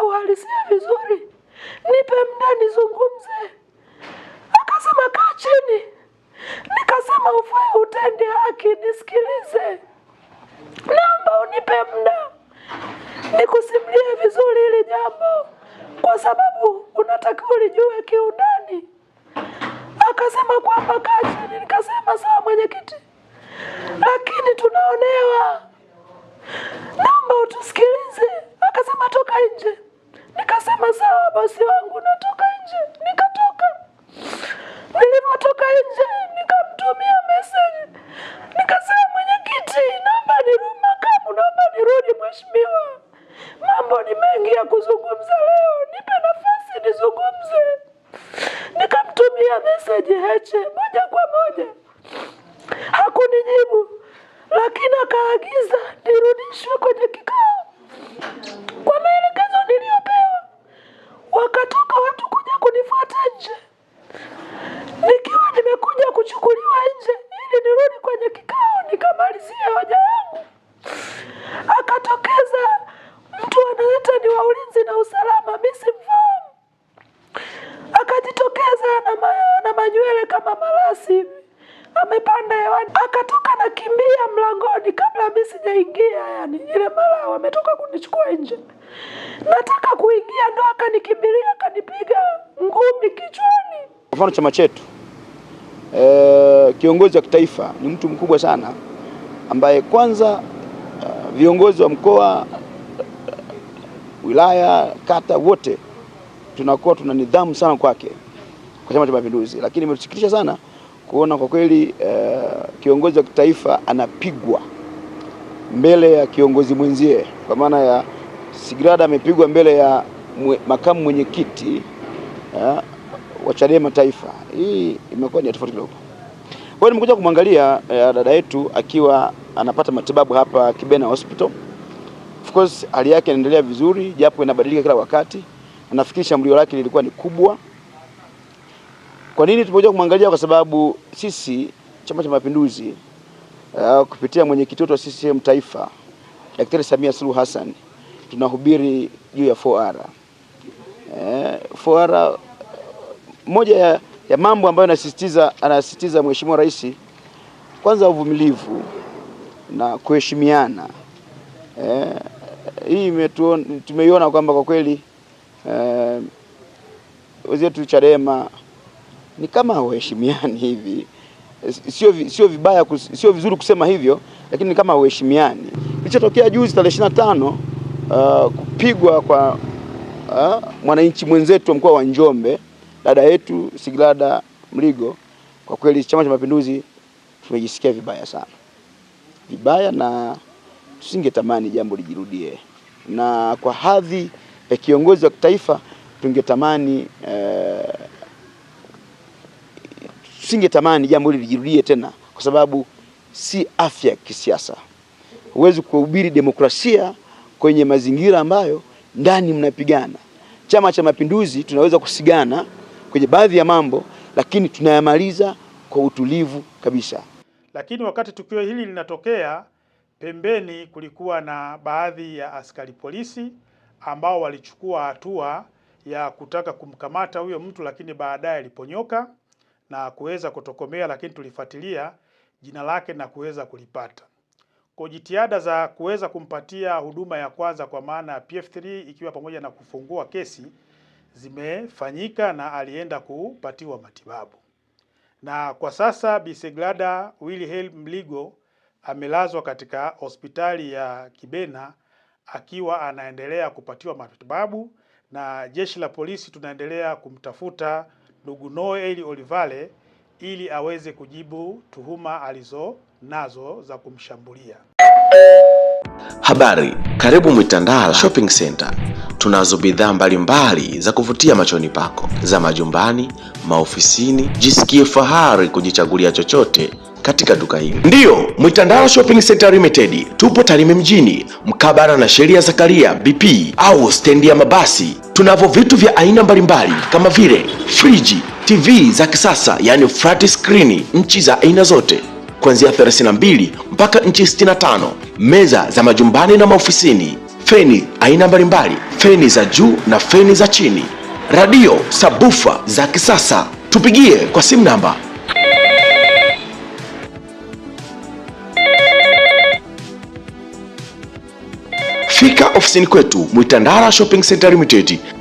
nielezee uhalisia vizuri, nipe muda nizungumze. Akasema kaa chini. Nikasema ufai utende haki, nisikilize, naomba unipe muda nikusimulie vizuri hili jambo, kwa sababu unatakiwa ulijue kiundani. Akasema kwamba kaa chini. Nikasema sawa mwenyekiti, lakini tunaonewa, naomba utusikilize. Akasema toka nje nikasema sawa basi wangu, natoka nje. Nikatoka, nilipotoka nje nikamtumia meseji nikasema, mwenyekiti, naomba nirudi, makamu naomba nirudi, mheshimiwa, mambo ni mengi ya kuzungumza leo, nipe nafasi nizungumze. Nikamtumia meseji Heche moja kwa moja nje, nikiwa nimekuja kuchukuliwa nje ili nirudi kwenye kikao nikamalizia hoja yangu, akatokeza mtu anaita ni wa ulinzi na usalama, misi simfahamu, akajitokeza na, ma, na manywele kama marasi amepanda hewani akatoka nakimbia mlangoni kabla mi sijaingia. Yani ile mara wametoka kunichukua nje, nataka kuingia ndo akanikimbilia akanipiga ngumi kichwani. Kwa mfano chama chetu e, kiongozi wa kitaifa ni mtu mkubwa sana ambaye kwanza e, viongozi wa mkoa, wilaya, kata wote tunakuwa tuna nidhamu sana kwake kwa Chama cha Mapinduzi, lakini imetusikitisha sana kuona kwa kweli uh, kiongozi wa kitaifa anapigwa mbele ya kiongozi mwenzie, kwa maana ya Sigrada amepigwa mbele ya makamu mwenyekiti Eh, wa Chadema Taifa. Hii imekuwa ni tofauti kidogo. Kwa hiyo nimekuja kumwangalia eh, dada yetu akiwa anapata matibabu hapa Kibena Hospital. Of course hali yake inaendelea vizuri japo inabadilika kila wakati. Nafikiri shambulio lake lilikuwa ni kubwa. Kwa nini tumekuja kumwangalia? Kwa sababu sisi Chama cha Mapinduzi uh, kupitia mwenyekiti wetu wa CCM Taifa Daktari Samia Suluhu Hassan tunahubiri juu ya 4R eh, fuara moja ya, ya mambo ambayo anasisitiza anasisitiza Mheshimiwa Rais, kwanza uvumilivu na kuheshimiana. Eh, hii tumeiona kwamba kwa kweli eh, wenzetu Chadema ni kama hawaheshimiani hivi. Sio, sio vibaya, sio vizuri kusema hivyo, lakini ni kama hawaheshimiani. Kilichotokea juzi tarehe 25 uh, eh, kupigwa kwa Ah, mwananchi mwenzetu wa mkoa wa Njombe, dada yetu Sigrada Mligo. Kwa kweli Chama cha Mapinduzi tumejisikia vibaya sana, vibaya na tusingetamani jambo lijirudie, na kwa hadhi ya kiongozi wa kitaifa tungetamani eh, tusingetamani jambo hili lijirudie tena, kwa sababu si afya ya kisiasa. Huwezi kuhubiri demokrasia kwenye mazingira ambayo ndani mnapigana. Chama cha Mapinduzi tunaweza kusigana kwenye baadhi ya mambo, lakini tunayamaliza kwa utulivu kabisa. Lakini wakati tukio hili linatokea, pembeni kulikuwa na baadhi ya askari polisi ambao walichukua hatua ya kutaka kumkamata huyo mtu, lakini baadaye aliponyoka na kuweza kutokomea, lakini tulifuatilia jina lake na kuweza kulipata kwa jitihada za kuweza kumpatia huduma ya kwanza kwa maana ya PF3 ikiwa pamoja na kufungua kesi zimefanyika na alienda kupatiwa matibabu, na kwa sasa Bi Seglada Wilhelm Mligo amelazwa katika hospitali ya Kibena akiwa anaendelea kupatiwa matibabu, na jeshi la polisi tunaendelea kumtafuta ndugu Noel Olivale ili aweze kujibu tuhuma alizo nazo za kumshambulia. Habari, karibu Mwitandala Shopping Center. Tunazo bidhaa mbalimbali za kuvutia machoni pako za majumbani, maofisini. Jisikie fahari kujichagulia chochote katika duka hili. Ndiyo, Mwitandala Shopping Center Limited, tupo Tarime mjini mkabara na sheria Zakaria BP au stendi ya mabasi. Tunavyo vitu vya aina mbalimbali kama vile friji, TV za kisasa, yani flat screen, nchi za aina zote kuanzia 32 mpaka nchi 65, meza za majumbani na maofisini, feni aina mbalimbali, feni za juu na feni za chini, radio, sabufa za kisasa. Tupigie kwa simu namba Fika ofisini kwetu Mwitandara Shopping Center Limited.